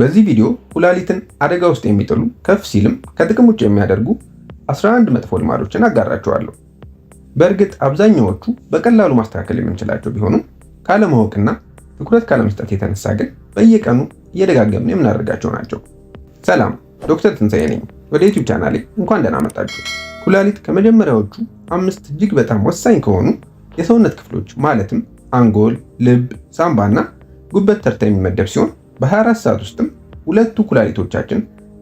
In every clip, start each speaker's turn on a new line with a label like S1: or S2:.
S1: በዚህ ቪዲዮ ኩላሊትን አደጋ ውስጥ የሚጥሉ ከፍ ሲልም ከጥቅም ውጭ የሚያደርጉ 11 መጥፎ ልማዶችን አጋራችኋለሁ። በእርግጥ አብዛኛዎቹ በቀላሉ ማስተካከል የምንችላቸው ቢሆኑም ካለማወቅና ትኩረት ካለመስጠት የተነሳ ግን በየቀኑ እየደጋገምን የምናደርጋቸው ናቸው። ሰላም፣ ዶክተር ትንሳኤ ነኝ። ወደ ዩቲዩብ ቻናሌ እንኳን ደህና መጣችሁ። ኩላሊት ከመጀመሪያዎቹ አምስት እጅግ በጣም ወሳኝ ከሆኑ የሰውነት ክፍሎች ማለትም አንጎል፣ ልብ፣ ሳምባ ጉበት ተርታ የሚመደብ ሲሆን በ24 ሰዓት ውስጥም ሁለቱ ኩላሊቶቻችን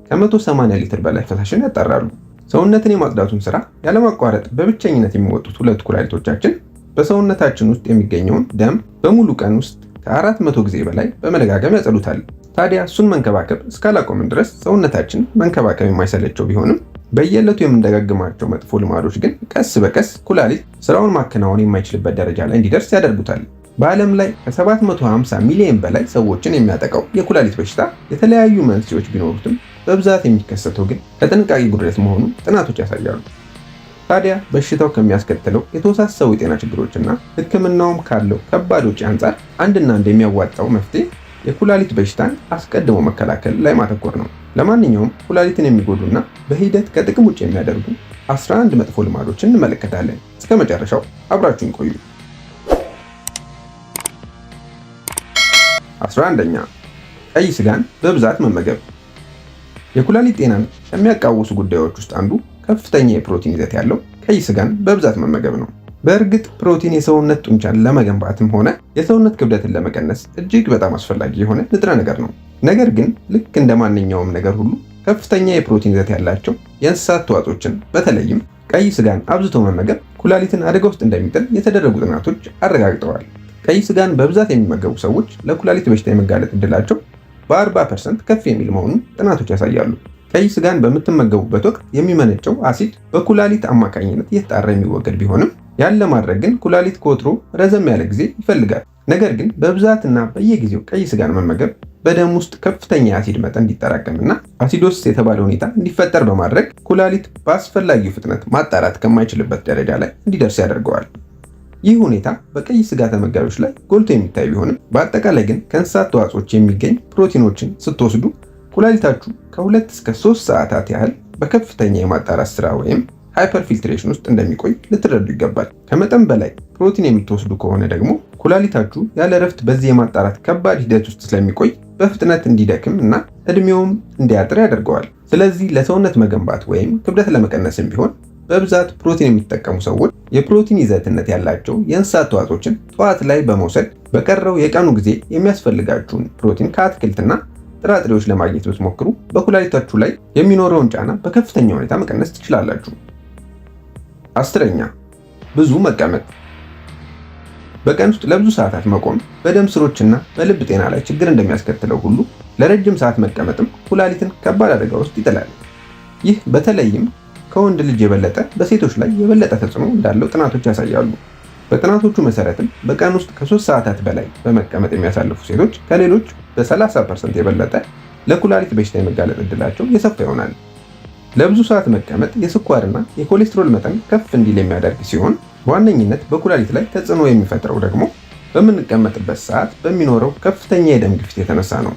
S1: ከ180 ሊትር በላይ ፈሳሽን ያጠራሉ። ሰውነትን የማጽዳቱን ስራ ያለማቋረጥ በብቸኝነት የሚወጡት ሁለቱ ኩላሊቶቻችን በሰውነታችን ውስጥ የሚገኘውን ደም በሙሉ ቀን ውስጥ ከ400 ጊዜ በላይ በመደጋገም ያጸዱታል። ታዲያ እሱን መንከባከብ እስካላቆምን ድረስ ሰውነታችን መንከባከብ የማይሰለቸው ቢሆንም በየዕለቱ የምንደጋግማቸው መጥፎ ልማዶች ግን ቀስ በቀስ ኩላሊት ስራውን ማከናወን የማይችልበት ደረጃ ላይ እንዲደርስ ያደርጉታል። በዓለም ላይ ከ750 ሚሊዮን በላይ ሰዎችን የሚያጠቃው የኩላሊት በሽታ የተለያዩ መንስኤዎች ቢኖሩትም በብዛት የሚከሰተው ግን ከጥንቃቄ ጉድለት መሆኑን ጥናቶች ያሳያሉ። ታዲያ በሽታው ከሚያስከትለው የተወሳሰቡ የጤና ችግሮችና ሕክምናውም ካለው ከባድ ውጪ አንጻር አንድና አንድ የሚያዋጣው መፍትሄ የኩላሊት በሽታን አስቀድሞ መከላከል ላይ ማተኮር ነው። ለማንኛውም ኩላሊትን የሚጎዱና በሂደት ከጥቅም ውጭ የሚያደርጉ 11 መጥፎ ልማዶችን እንመለከታለን። እስከ መጨረሻው አብራችሁን ቆዩ። 11ኛ ቀይ ስጋን በብዛት መመገብ። የኩላሊት ጤናን ከሚያቃውሱ ጉዳዮች ውስጥ አንዱ ከፍተኛ የፕሮቲን ይዘት ያለው ቀይ ስጋን በብዛት መመገብ ነው። በእርግጥ ፕሮቲን የሰውነት ጡንቻን ለመገንባትም ሆነ የሰውነት ክብደትን ለመቀነስ እጅግ በጣም አስፈላጊ የሆነ ንጥረ ነገር ነው። ነገር ግን ልክ እንደ ማንኛውም ነገር ሁሉ ከፍተኛ የፕሮቲን ይዘት ያላቸው የእንስሳት ተዋጽኦችን በተለይም ቀይ ስጋን አብዝቶ መመገብ ኩላሊትን አደጋ ውስጥ እንደሚጥል የተደረጉ ጥናቶች አረጋግጠዋል። ቀይ ስጋን በብዛት የሚመገቡ ሰዎች ለኩላሊት በሽታ የመጋለጥ እድላቸው በ40% ከፍ የሚል መሆኑን ጥናቶች ያሳያሉ። ቀይ ስጋን በምትመገቡበት ወቅት የሚመነጨው አሲድ በኩላሊት አማካኝነት እየተጣራ የሚወገድ ቢሆንም ያለ ማድረግ ግን ኩላሊት ከወትሮ ረዘም ያለ ጊዜ ይፈልጋል። ነገር ግን በብዛትና በየጊዜው ቀይ ስጋን መመገብ በደም ውስጥ ከፍተኛ የአሲድ መጠን እንዲጠራቀምና አሲዶስ የተባለ ሁኔታ እንዲፈጠር በማድረግ ኩላሊት በአስፈላጊው ፍጥነት ማጣራት ከማይችልበት ደረጃ ላይ እንዲደርስ ያደርገዋል። ይህ ሁኔታ በቀይ ስጋ ተመጋቢዎች ላይ ጎልቶ የሚታይ ቢሆንም በአጠቃላይ ግን ከእንስሳት ተዋጽኦች የሚገኝ ፕሮቲኖችን ስትወስዱ ኩላሊታችሁ ከሁለት እስከ ሶስት ሰዓታት ያህል በከፍተኛ የማጣራት ስራ ወይም ሃይፐር ፊልትሬሽን ውስጥ እንደሚቆይ ልትረዱ ይገባል። ከመጠን በላይ ፕሮቲን የምትወስዱ ከሆነ ደግሞ ኩላሊታችሁ ያለ እረፍት በዚህ የማጣራት ከባድ ሂደት ውስጥ ስለሚቆይ በፍጥነት እንዲደክም እና እድሜውም እንዲያጥር ያደርገዋል። ስለዚህ ለሰውነት መገንባት ወይም ክብደት ለመቀነስም ቢሆን በብዛት ፕሮቲን የሚጠቀሙ ሰዎች የፕሮቲን ይዘትነት ያላቸው የእንስሳት ተዋጽኦችን ጠዋት ላይ በመውሰድ በቀረው የቀኑ ጊዜ የሚያስፈልጋችሁን ፕሮቲን ከአትክልትና ጥራጥሬዎች ለማግኘት ብትሞክሩ በኩላሊታችሁ ላይ የሚኖረውን ጫና በከፍተኛ ሁኔታ መቀነስ ትችላላችሁ። አስረኛ ብዙ መቀመጥ። በቀን ውስጥ ለብዙ ሰዓታት መቆም በደም ስሮችና በልብ ጤና ላይ ችግር እንደሚያስከትለው ሁሉ ለረጅም ሰዓት መቀመጥም ኩላሊትን ከባድ አደጋ ውስጥ ይጥላል። ይህ በተለይም ከወንድ ልጅ የበለጠ በሴቶች ላይ የበለጠ ተጽዕኖ እንዳለው ጥናቶች ያሳያሉ። በጥናቶቹ መሰረትም በቀን ውስጥ ከሶስት ሰዓታት በላይ በመቀመጥ የሚያሳልፉ ሴቶች ከሌሎች በ30 ፐርሰንት የበለጠ ለኩላሊት በሽታ የመጋለጥ እድላቸው የሰፋ ይሆናል። ለብዙ ሰዓት መቀመጥ የስኳርና የኮሌስትሮል መጠን ከፍ እንዲል የሚያደርግ ሲሆን በዋነኝነት በኩላሊት ላይ ተጽዕኖ የሚፈጥረው ደግሞ በምንቀመጥበት ሰዓት በሚኖረው ከፍተኛ የደም ግፊት የተነሳ ነው።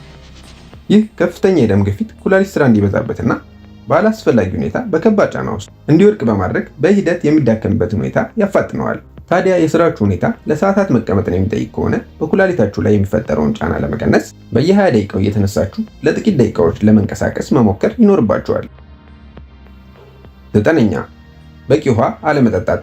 S1: ይህ ከፍተኛ የደም ግፊት ኩላሊት ስራ እንዲበዛበትና ባላስፈላጊ ሁኔታ በከባድ ጫና ውስጥ እንዲወድቅ በማድረግ በሂደት የሚዳከምበት ሁኔታ ያፋጥነዋል። ታዲያ የስራችሁ ሁኔታ ለሰዓታት መቀመጥን የሚጠይቅ ከሆነ በኩላሊታችሁ ላይ የሚፈጠረውን ጫና ለመቀነስ በየ20 ደቂቃው እየተነሳችሁ ለጥቂት ደቂቃዎች ለመንቀሳቀስ መሞከር ይኖርባችኋል። ዘጠነኛ በቂ ውሃ አለመጠጣት።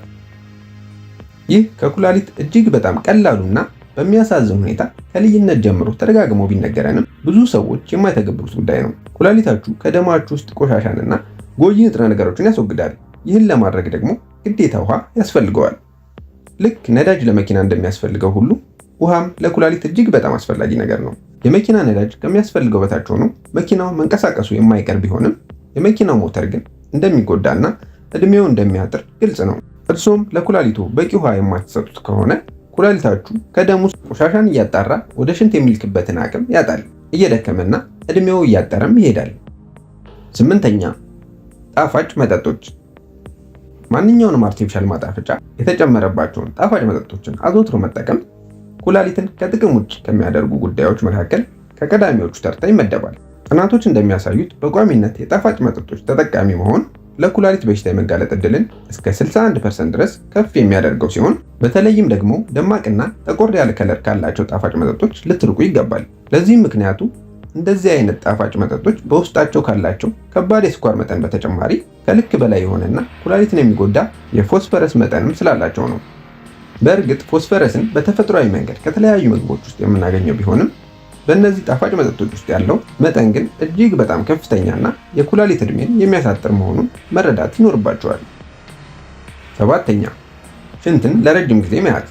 S1: ይህ ከኩላሊት እጅግ በጣም ቀላሉና በሚያሳዝን ሁኔታ ከልጅነት ጀምሮ ተደጋግሞ ቢነገረንም ብዙ ሰዎች የማይተገብሩት ጉዳይ ነው። ኩላሊታችሁ ከደማችሁ ውስጥ ቆሻሻንና ጎጂ ንጥረ ነገሮችን ያስወግዳል። ይህን ለማድረግ ደግሞ ግዴታ ውሃ ያስፈልገዋል። ልክ ነዳጅ ለመኪና እንደሚያስፈልገው ሁሉ ውሃም ለኩላሊት እጅግ በጣም አስፈላጊ ነገር ነው። የመኪና ነዳጅ ከሚያስፈልገው በታች ሆኖ መኪናው መንቀሳቀሱ የማይቀር ቢሆንም የመኪናው ሞተር ግን እንደሚጎዳና እድሜው እንደሚያጥር ግልጽ ነው። እርሶም ለኩላሊቱ በቂ ውሃ የማትሰጡት ከሆነ ኩላሊታችሁ ከደም ውስጥ ቆሻሻን እያጣራ ወደ ሽንት የሚልክበትን አቅም ያጣል። እየደከመና እድሜው እያጠረም ይሄዳል። ስምንተኛ ጣፋጭ መጠጦች። ማንኛውንም አርቲፊሻል ማጣፈጫ የተጨመረባቸውን ጣፋጭ መጠጦችን አዘውትሮ መጠቀም ኩላሊትን ከጥቅም ውጭ ከሚያደርጉ ጉዳዮች መካከል ከቀዳሚዎቹ ተርታ ይመደባል። ጥናቶች እንደሚያሳዩት በቋሚነት የጣፋጭ መጠጦች ተጠቃሚ መሆን ለኩላሊት በሽታ የመጋለጥ እድልን እስከ 61% ድረስ ከፍ የሚያደርገው ሲሆን በተለይም ደግሞ ደማቅና ጠቆር ያለ ከለር ካላቸው ጣፋጭ መጠጦች ልትርቁ ይገባል። ለዚህም ምክንያቱ እንደዚህ አይነት ጣፋጭ መጠጦች በውስጣቸው ካላቸው ከባድ የስኳር መጠን በተጨማሪ ከልክ በላይ የሆነና ኩላሊትን የሚጎዳ የፎስፈረስ መጠንም ስላላቸው ነው። በእርግጥ ፎስፈረስን በተፈጥሯዊ መንገድ ከተለያዩ ምግቦች ውስጥ የምናገኘው ቢሆንም በእነዚህ ጣፋጭ መጠጦች ውስጥ ያለው መጠን ግን እጅግ በጣም ከፍተኛና የኩላሊት እድሜን የሚያሳጥር መሆኑን መረዳት ይኖርባቸዋል። ሰባተኛ ሽንትን ለረጅም ጊዜ መያዝ።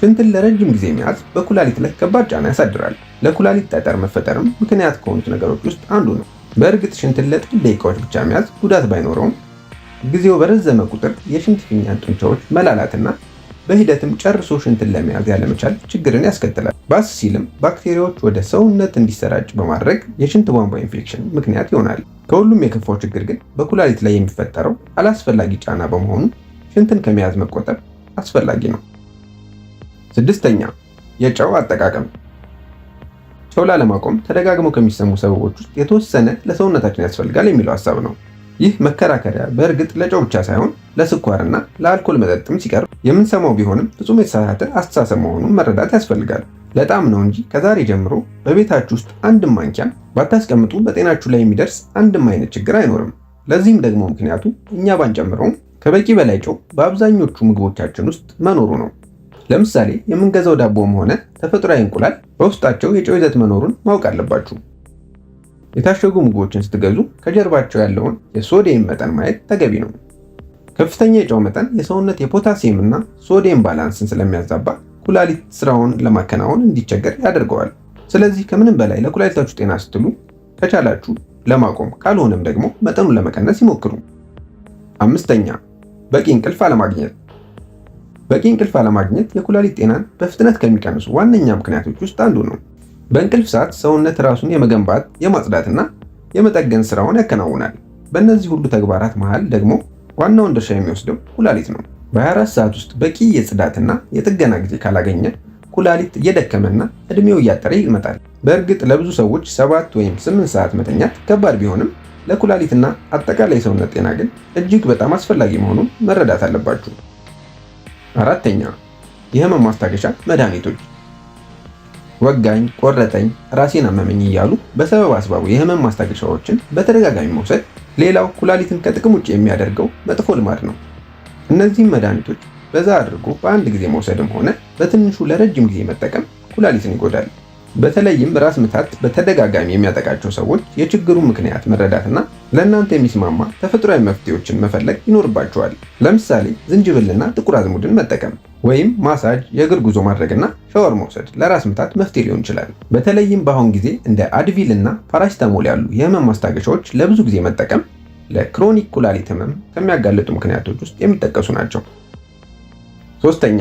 S1: ሽንትን ለረጅም ጊዜ መያዝ በኩላሊት ላይ ከባድ ጫና ያሳድራል። ለኩላሊት ጠጠር መፈጠርም ምክንያት ከሆኑት ነገሮች ውስጥ አንዱ ነው። በእርግጥ ሽንትን ለጥቂት ደቂቃዎች ብቻ መያዝ ጉዳት ባይኖረውም ጊዜው በረዘመ ቁጥር የሽንት ፊኛ ጡንቻዎች መላላትና በሂደትም ጨርሶ ሽንትን ለመያዝ ያለመቻል ችግርን ያስከትላል። ባስ ሲልም ባክቴሪያዎች ወደ ሰውነት እንዲሰራጭ በማድረግ የሽንት ቧንቧ ኢንፌክሽን ምክንያት ይሆናል። ከሁሉም የከፋው ችግር ግን በኩላሊት ላይ የሚፈጠረው አላስፈላጊ ጫና በመሆኑ ሽንትን ከመያዝ መቆጠብ አስፈላጊ ነው። ስድስተኛ የጨው አጠቃቀም። ጨው ላለማቆም ተደጋግመው ከሚሰሙ ሰበቦች ውስጥ የተወሰነ ለሰውነታችን ያስፈልጋል የሚለው ሀሳብ ነው። ይህ መከራከሪያ በእርግጥ ለጨው ብቻ ሳይሆን ለስኳርና ለአልኮል መጠጥም ሲቀርብ የምንሰማው ቢሆንም ፍጹም የተሳሳተ አስተሳሰብ መሆኑን መረዳት ያስፈልጋል። ለጣም ነው እንጂ ከዛሬ ጀምሮ በቤታችሁ ውስጥ አንድም ማንኪያ ባታስቀምጡ በጤናችሁ ላይ የሚደርስ አንድም አይነት ችግር አይኖርም። ለዚህም ደግሞ ምክንያቱ እኛ ባንጨምረውም ከበቂ በላይ ጨው በአብዛኞቹ ምግቦቻችን ውስጥ መኖሩ ነው። ለምሳሌ የምንገዛው ዳቦም ሆነ ተፈጥሯዊ እንቁላል በውስጣቸው የጨው ይዘት መኖሩን ማወቅ አለባችሁ። የታሸጉ ምግቦችን ስትገዙ ከጀርባቸው ያለውን የሶዲየም መጠን ማየት ተገቢ ነው። ከፍተኛ የጨው መጠን የሰውነት የፖታሲየም እና ሶዲየም ባላንስን ስለሚያዛባ ኩላሊት ስራውን ለማከናወን እንዲቸገር ያደርገዋል። ስለዚህ ከምንም በላይ ለኩላሊታችሁ ጤና ስትሉ ከቻላችሁ ለማቆም ካልሆነም ደግሞ መጠኑን ለመቀነስ ይሞክሩ። አምስተኛ በቂ እንቅልፍ አለማግኘት። በቂ እንቅልፍ አለማግኘት የኩላሊት ጤናን በፍጥነት ከሚቀንሱ ዋነኛ ምክንያቶች ውስጥ አንዱ ነው። በእንቅልፍ ሰዓት ሰውነት ራሱን የመገንባት የማጽዳትና የመጠገን ስራውን ያከናውናል። በእነዚህ ሁሉ ተግባራት መሃል ደግሞ ዋናውን ድርሻ የሚወስደው ኩላሊት ነው። በ24 ሰዓት ውስጥ በቂ የጽዳትና የጥገና ጊዜ ካላገኘ ኩላሊት እየደከመና እድሜው እያጠረ ይመጣል። በእርግጥ ለብዙ ሰዎች ሰባት ወይም ስምንት ሰዓት መተኛት ከባድ ቢሆንም ለኩላሊትና አጠቃላይ ሰውነት ጤና ግን እጅግ በጣም አስፈላጊ መሆኑን መረዳት አለባችሁ። አራተኛ የህመም ማስታገሻ መድኃኒቶች ወጋኝ፣ ቆረጠኝ፣ ራሴን አመመኝ እያሉ በሰበብ አስባቡ የህመም ማስታገሻዎችን በተደጋጋሚ መውሰድ ሌላው ኩላሊትን ከጥቅም ውጭ የሚያደርገው መጥፎ ልማድ ነው። እነዚህም መድኃኒቶች በዛ አድርጎ በአንድ ጊዜ መውሰድም ሆነ በትንሹ ለረጅም ጊዜ መጠቀም ኩላሊትን ይጎዳል። በተለይም ራስ ምታት በተደጋጋሚ የሚያጠቃቸው ሰዎች የችግሩ ምክንያት መረዳትና ለእናንተ የሚስማማ ተፈጥሯዊ መፍትሄዎችን መፈለግ ይኖርባቸዋል። ለምሳሌ ዝንጅብልና ጥቁር አዝሙድን መጠቀም ወይም ማሳጅ፣ የእግር ጉዞ ማድረግና ሻወር መውሰድ ለራስ ምታት መፍትሄ ሊሆን ይችላል። በተለይም በአሁን ጊዜ እንደ አድቪል እና ፓራሲታሞል ያሉ የህመም ማስታገሻዎች ለብዙ ጊዜ መጠቀም ለክሮኒክ ኩላሊት ህመም ከሚያጋልጡ ምክንያቶች ውስጥ የሚጠቀሱ ናቸው። ሶስተኛ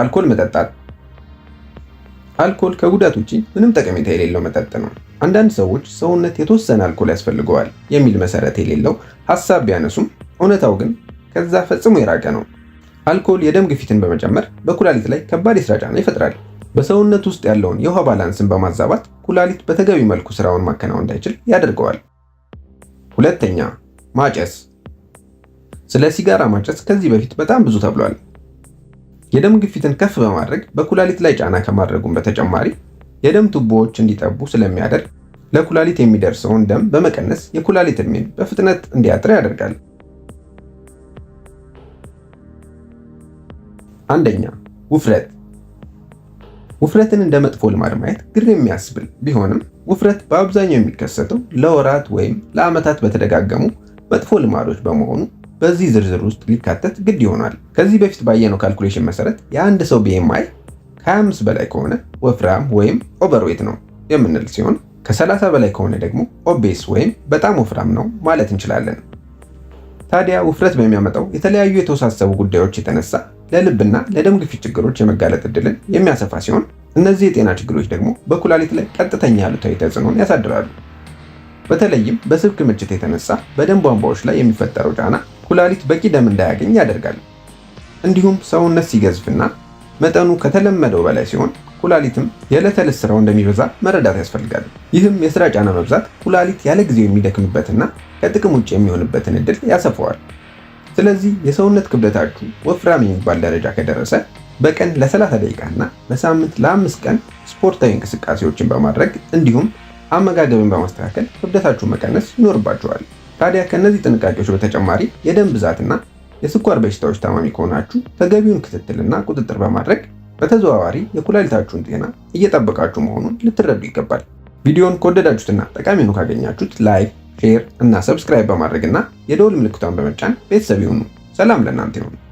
S1: አልኮል መጠጣት አልኮል ከጉዳት ውጪ ምንም ጠቀሜታ የሌለው መጠጥ ነው። አንዳንድ ሰዎች ሰውነት የተወሰነ አልኮል ያስፈልገዋል የሚል መሰረት የሌለው ሀሳብ ቢያነሱም እውነታው ግን ከዛ ፈጽሞ የራቀ ነው። አልኮል የደም ግፊትን በመጨመር በኩላሊት ላይ ከባድ የስራ ጫና ይፈጥራል። በሰውነት ውስጥ ያለውን የውሃ ባላንስን በማዛባት ኩላሊት በተገቢ መልኩ ስራውን ማከናወን እንዳይችል ያደርገዋል። ሁለተኛ ማጨስ። ስለ ሲጋራ ማጨስ ከዚህ በፊት በጣም ብዙ ተብሏል። የደም ግፊትን ከፍ በማድረግ በኩላሊት ላይ ጫና ከማድረጉም በተጨማሪ የደም ቱቦዎች እንዲጠቡ ስለሚያደርግ ለኩላሊት የሚደርሰውን ደም በመቀነስ የኩላሊት እድሜን በፍጥነት እንዲያጥር ያደርጋል። አንደኛ ውፍረት። ውፍረትን እንደ መጥፎ ልማድ ማየት ግር የሚያስብል ቢሆንም ውፍረት በአብዛኛው የሚከሰተው ለወራት ወይም ለዓመታት በተደጋገሙ መጥፎ ልማዶች በመሆኑ በዚህ ዝርዝር ውስጥ ሊካተት ግድ ይሆናል። ከዚህ በፊት ባየነው ካልኩሌሽን መሰረት የአንድ ሰው ቢኤምአይ ከ25 በላይ ከሆነ ወፍራም ወይም ኦቨርዌት ነው የምንል ሲሆን ከ30 በላይ ከሆነ ደግሞ ኦቤስ ወይም በጣም ወፍራም ነው ማለት እንችላለን። ታዲያ ውፍረት በሚያመጣው የተለያዩ የተወሳሰቡ ጉዳዮች የተነሳ ለልብና ለደም ግፊት ችግሮች የመጋለጥ እድልን የሚያሰፋ ሲሆን እነዚህ የጤና ችግሮች ደግሞ በኩላሊት ላይ ቀጥተኛ ያሉታዊ ተጽዕኖን ያሳድራሉ። በተለይም በስብ ክምችት የተነሳ በደም ቧንቧዎች ላይ የሚፈጠረው ጫና ኩላሊት በቂ ደም እንዳያገኝ ያደርጋል። እንዲሁም ሰውነት ሲገዝፍና መጠኑ ከተለመደው በላይ ሲሆን ኩላሊትም የዕለት ተዕለት ስራው እንደሚበዛ መረዳት ያስፈልጋል። ይህም የስራ ጫና መብዛት ኩላሊት ያለ ጊዜው የሚደክምበትና ከጥቅም ውጭ የሚሆንበትን እድል ያሰፋዋል። ስለዚህ የሰውነት ክብደታችሁ ወፍራም የሚባል ደረጃ ከደረሰ በቀን ለ30 ደቂቃና በሳምንት ለአምስት ቀን ስፖርታዊ እንቅስቃሴዎችን በማድረግ እንዲሁም አመጋገብን በማስተካከል ክብደታችሁን መቀነስ ይኖርባችኋል። ታዲያ ከእነዚህ ጥንቃቄዎች በተጨማሪ የደም ብዛትና የስኳር በሽታዎች ታማሚ ከሆናችሁ ተገቢውን ክትትልና ቁጥጥር በማድረግ በተዘዋዋሪ የኩላሊታችሁን ጤና እየጠበቃችሁ መሆኑን ልትረዱ ይገባል። ቪዲዮን ከወደዳችሁትና ጠቃሚ ነው ካገኛችሁት ላይክ፣ ሼር እና ሰብስክራይብ በማድረግና የደወል ምልክቷን በመጫን ቤተሰብ ይሁኑ። ሰላም ለእናንተ ይሁን።